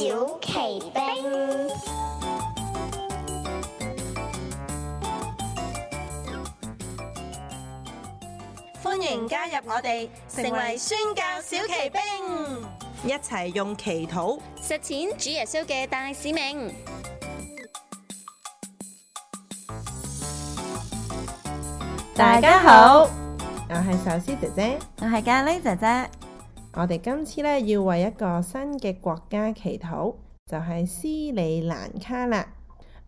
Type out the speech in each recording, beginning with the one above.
小奇兵，歡迎加入我哋，成為宣教小奇兵，一齊用祈禱實踐主耶穌嘅大使命。大家好，我係壽司姐姐，我係咖喱姐姐。我哋今次咧要為一個新嘅國家祈禱，就係斯里蘭卡啦。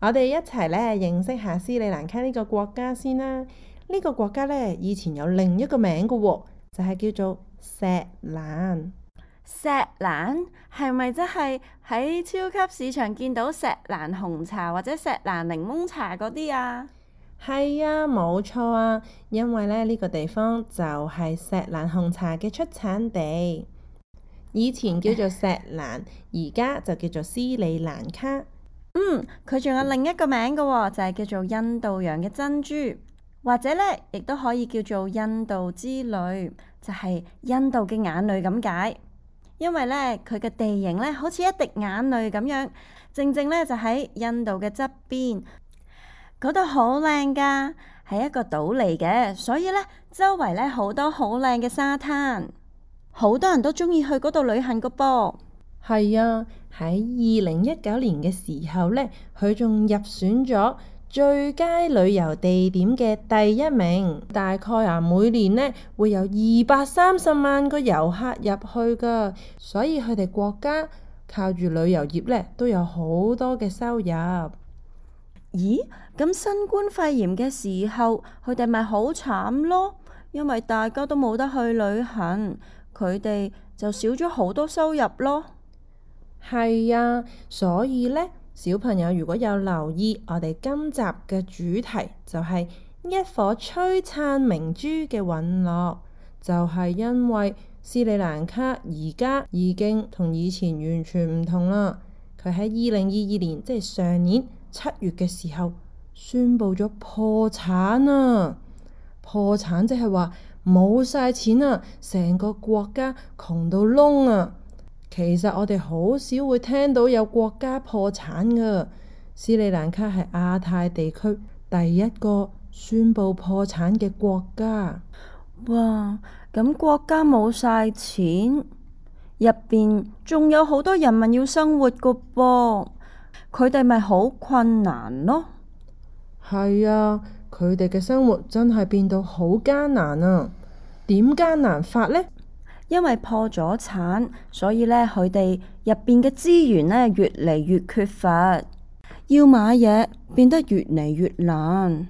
我哋一齊咧認識下斯里蘭卡呢個國家先啦。呢個國家咧以前有另一個名嘅，就係叫做錫蘭。錫蘭係咪即係喺超級市場見到錫蘭紅茶或者錫蘭檸檬茶嗰啲啊？係呀，冇錯啊，因為咧呢、這個地方就係錫蘭紅茶嘅出產地，以前叫做錫蘭，而家就叫做斯里蘭卡。嗯，佢仲有另一個名嘅喎、哦，就係、是、叫做印度洋嘅珍珠，或者咧亦都可以叫做印度之淚，就係、是、印度嘅眼淚咁解。因為咧佢嘅地形咧好似一滴眼淚咁樣，正正咧就喺印度嘅側邊。嗰度好靚噶，係一個島嚟嘅，所以咧周圍咧好多好靚嘅沙灘，好多人都鍾意去嗰度旅行噶噃。係啊，喺二零一九年嘅時候咧，佢仲入選咗最佳旅遊地點嘅第一名。大概啊，每年咧會有二百三十萬個遊客入去噶，所以佢哋國家靠住旅遊業咧都有好多嘅收入。咦，咁新冠肺炎嘅時候，佢哋咪好慘咯，因為大家都冇得去旅行，佢哋就少咗好多收入咯。係啊，所以呢，小朋友如果有留意，我哋今集嘅主題就係一顆璀璨明珠嘅殞落，就係因為斯里蘭卡而家已經同以前完全唔同啦。佢喺二零二二年，即係上年，七月嘅時候，宣布咗破產啊！破產即係話冇晒錢啊，成個國家窮到窿啊！其實我哋好少會聽到有國家破產噶。斯里蘭卡係亞太地區第一個宣布破產嘅國家。哇！咁國家冇晒錢，入邊仲有好多人民要生活個噃、啊。佢哋咪好困難咯，係啊！佢哋嘅生活真係變到好艱難啊！點艱難法咧？因為破咗產，所以咧佢哋入邊嘅資源咧越嚟越缺乏，要買嘢變得越嚟越難。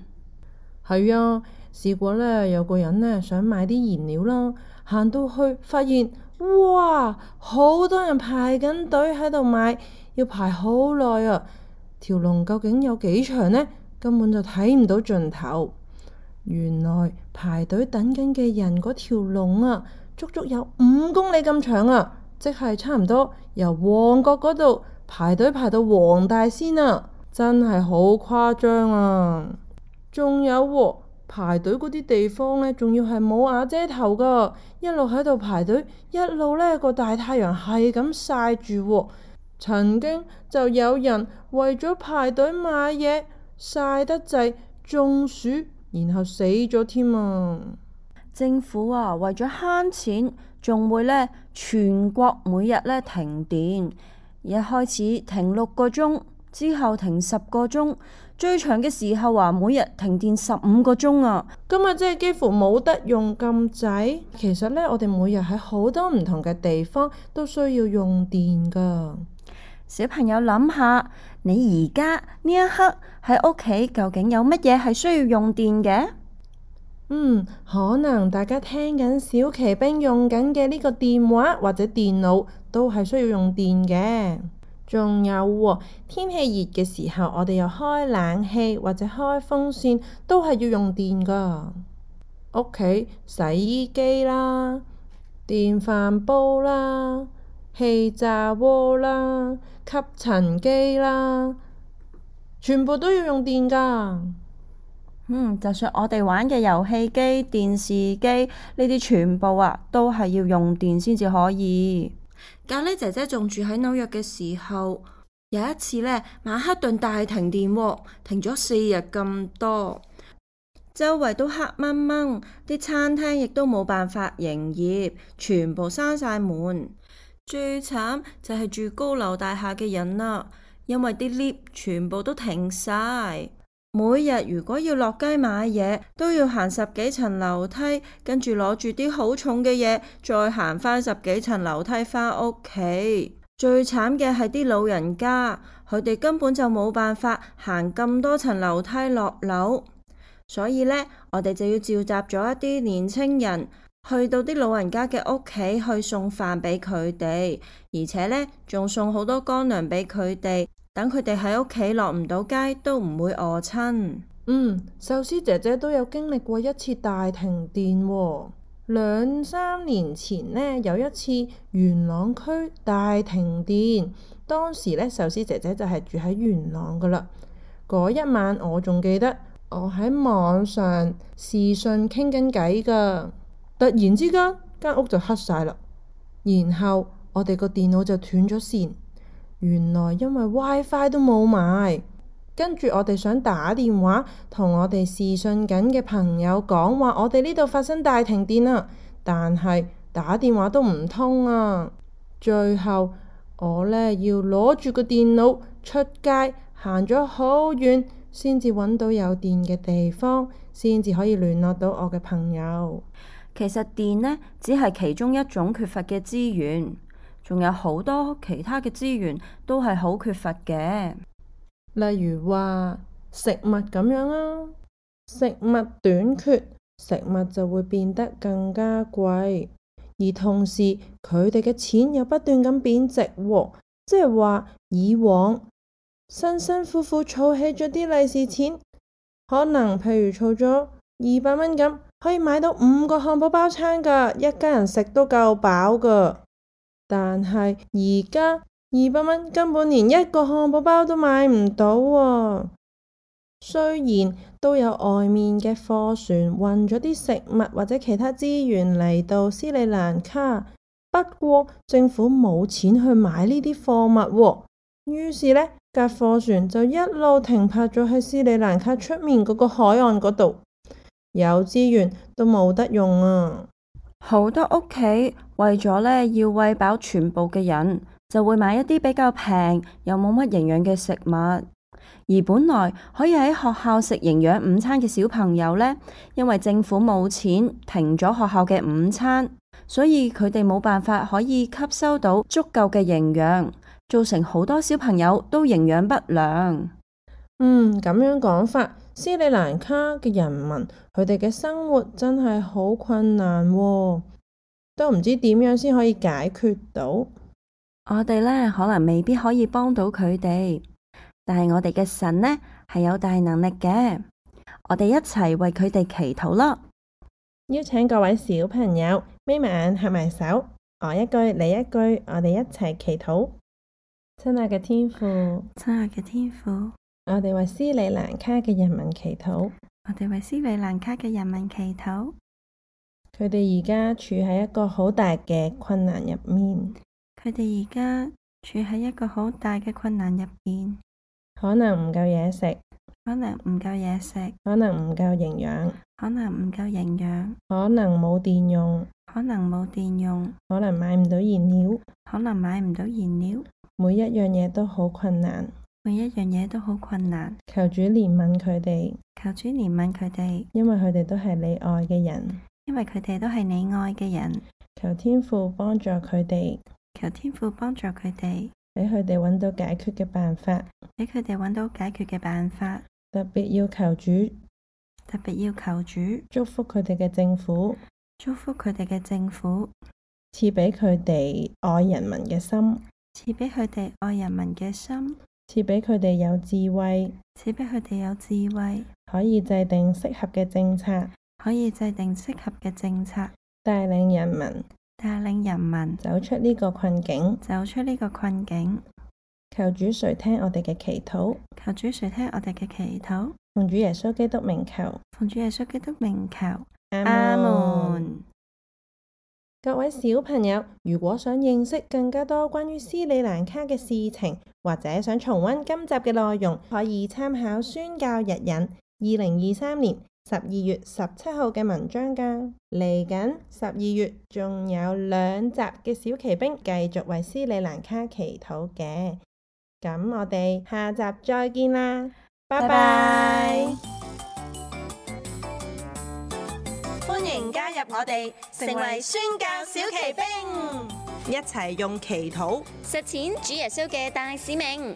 係啊，試過咧有個人咧想買啲燃料啦，行到去發現哇，好多人排緊隊喺度買。要排好耐啊！條龍究竟有幾長呢？根本就睇唔到盡頭。原來排隊等緊嘅人嗰條龍啊，足足有五公里咁長啊！即係差唔多由旺角嗰度排隊排到黃大仙啊！真係好誇張啊！仲有喎、啊，排隊嗰啲地方咧，仲要係冇瓦遮頭噶，一路喺度排隊，一路咧個大太陽係咁曬住。曾經就有人為咗排隊買嘢晒得滯中暑，然後死咗添啊！政府啊，為咗慳錢，仲會咧全國每日咧停電，一開始停六個鐘，之後停十個鐘，最長嘅時候啊，每日停電十五個鐘啊！今日即係幾乎冇得用咁滯。其實咧，我哋每日喺好多唔同嘅地方都需要用電㗎。小朋友諗下，你而家呢一刻喺屋企究竟有乜嘢係需要用電嘅？嗯，可能大家聽緊小騎兵用緊嘅呢個電話或者電腦都係需要用電嘅。仲有喎，天氣熱嘅時候，我哋又開冷氣或者開風扇都係要用電噶。屋企洗衣機啦，電飯煲啦。氣炸鍋啦，吸塵機啦，全部都要用電㗎。嗯，就算我哋玩嘅遊戲機、電視機呢啲，全部啊都係要用電先至可以。咖喱姐姐仲住喺紐約嘅時候，有一次呢，曼克頓大停電喔，停咗四日咁多，周圍都黑掹掹，啲餐廳亦都冇辦法營業，全部閂晒門。最慘就係住高樓大廈嘅人啦，啊，因為啲 lift 全部都停晒，每日如果要落街買嘢，都要行十幾層樓梯，跟住攞住啲好重嘅嘢，再行翻十幾層樓梯返屋企。最慘嘅係啲老人家，佢哋根本就冇辦法行咁多層樓梯落樓，所以呢，我哋就要召集咗一啲年青人。去到啲老人家嘅屋企去送飯畀佢哋，而且咧，仲送好多乾糧畀佢哋，等佢哋喺屋企落唔到街都唔會餓親。嗯，壽司姐姐都有經歷過一次大停電喎。兩三年前呢，有一次元朗區大停電，當時咧，壽司姐姐就係住喺元朗噶啦。嗰一晚我仲記得，我喺網上視訊傾緊偈噶。突然之間，間屋就黑晒啦。然後我哋個電腦就斷咗線，原來因為 WiFi 都冇埋。跟住我哋想打電話同我哋視訊緊嘅朋友講話，我哋呢度發生大停電啦。但係打電話都唔通啊。最後我呢要攞住個電腦出街行咗好遠，先至搵到有電嘅地方，先至可以聯絡到我嘅朋友。其實電呢，只係其中一種缺乏嘅資源，仲有好多其他嘅資源都係好缺乏嘅。例如話食物咁樣啦，啊，食物短缺，食物就會變得更加貴，而同時佢哋嘅錢又不斷咁貶值，啊。即係話以往辛辛苦苦儲起咗啲利是錢，可能譬如儲咗二百蚊咁。可以買到五個漢堡包餐㗎，一家人食都夠飽㗎。但係而家二百蚊根本連一個漢堡包都買唔到喎啊。雖然都有外面嘅貨船運咗啲食物或者其他資源嚟到斯里蘭卡，不過政府冇錢去買呢啲貨物啊，於是呢，架貨船就一路停泊咗喺斯里蘭卡出面嗰個海岸嗰度。有資源都冇得用啊！好多屋企為咗呢，要餵飽全部嘅人，就會買一啲比較平又冇乜營養嘅食物。而本來可以喺學校食營養午餐嘅小朋友呢，因為政府冇錢停咗學校嘅午餐，所以佢哋冇辦法可以吸收到足夠嘅營養，造成好多小朋友都營養不良。嗯，咁樣講法。斯里蘭卡嘅人民，佢哋嘅生活真係好困難喎，都唔知點樣先可以解決到。我哋咧可能未必可以幫到佢哋，但係我哋嘅神咧係有大能力嘅。我哋一齊為佢哋祈禱囉！邀請各位小朋友眯埋眼，合埋手，我一句你一句，我哋一齊祈禱。親愛嘅天父，親愛嘅天父。我哋為斯里蘭卡嘅人民祈禱。我哋為斯里蘭卡嘅人民祈禱。佢哋而家處喺一個好大嘅困難入面。佢哋而家處喺一個好大嘅困難入面。可能唔夠嘢食。可能唔夠嘢食。可能唔夠營養。可能唔夠營養。可能冇電用。可能冇電用。可能買唔到燃料。可能買唔到燃料。每一樣嘢都好困難。每一樣嘢都好困難，求主憐憫佢哋。求主憐憫佢哋，因為佢哋都係你愛嘅人。因為佢哋都係你愛嘅人，求天父幫助佢哋。求天父幫助佢哋，俾佢哋揾到解決嘅辦法。俾佢哋揾到解決嘅辦法，特別要求主，特別要求主，祝福佢哋嘅政府，祝福佢哋嘅政府，賜俾佢哋愛人民嘅心，賜俾佢哋愛人民嘅心。賜俾佢哋有智慧，賜俾佢哋有智慧， 可以制定適合嘅政策，可以制定適合嘅政策，帶領人民，帶領人民走出呢個困境，走出呢個困境。求主垂聽我哋嘅祈禱，求主垂聽我哋嘅祈禱。奉主耶穌基督名求，奉主耶穌基督名求。阿門。阿門。各位小朋友，如果想認識更加多關於斯里蘭卡嘅事情，或者想重温今集嘅內容，可以參考宣教日引二零二三年十二月十七號嘅文章㗎。嚟緊十二月仲有兩集嘅小騎兵繼續為斯里蘭卡祈禱嘅，咁我哋下集再見啦，拜拜。Bye bye 歡迎加入我哋，成為宣教小騎兵，一齊用祈禱實踐主耶穌嘅大使命。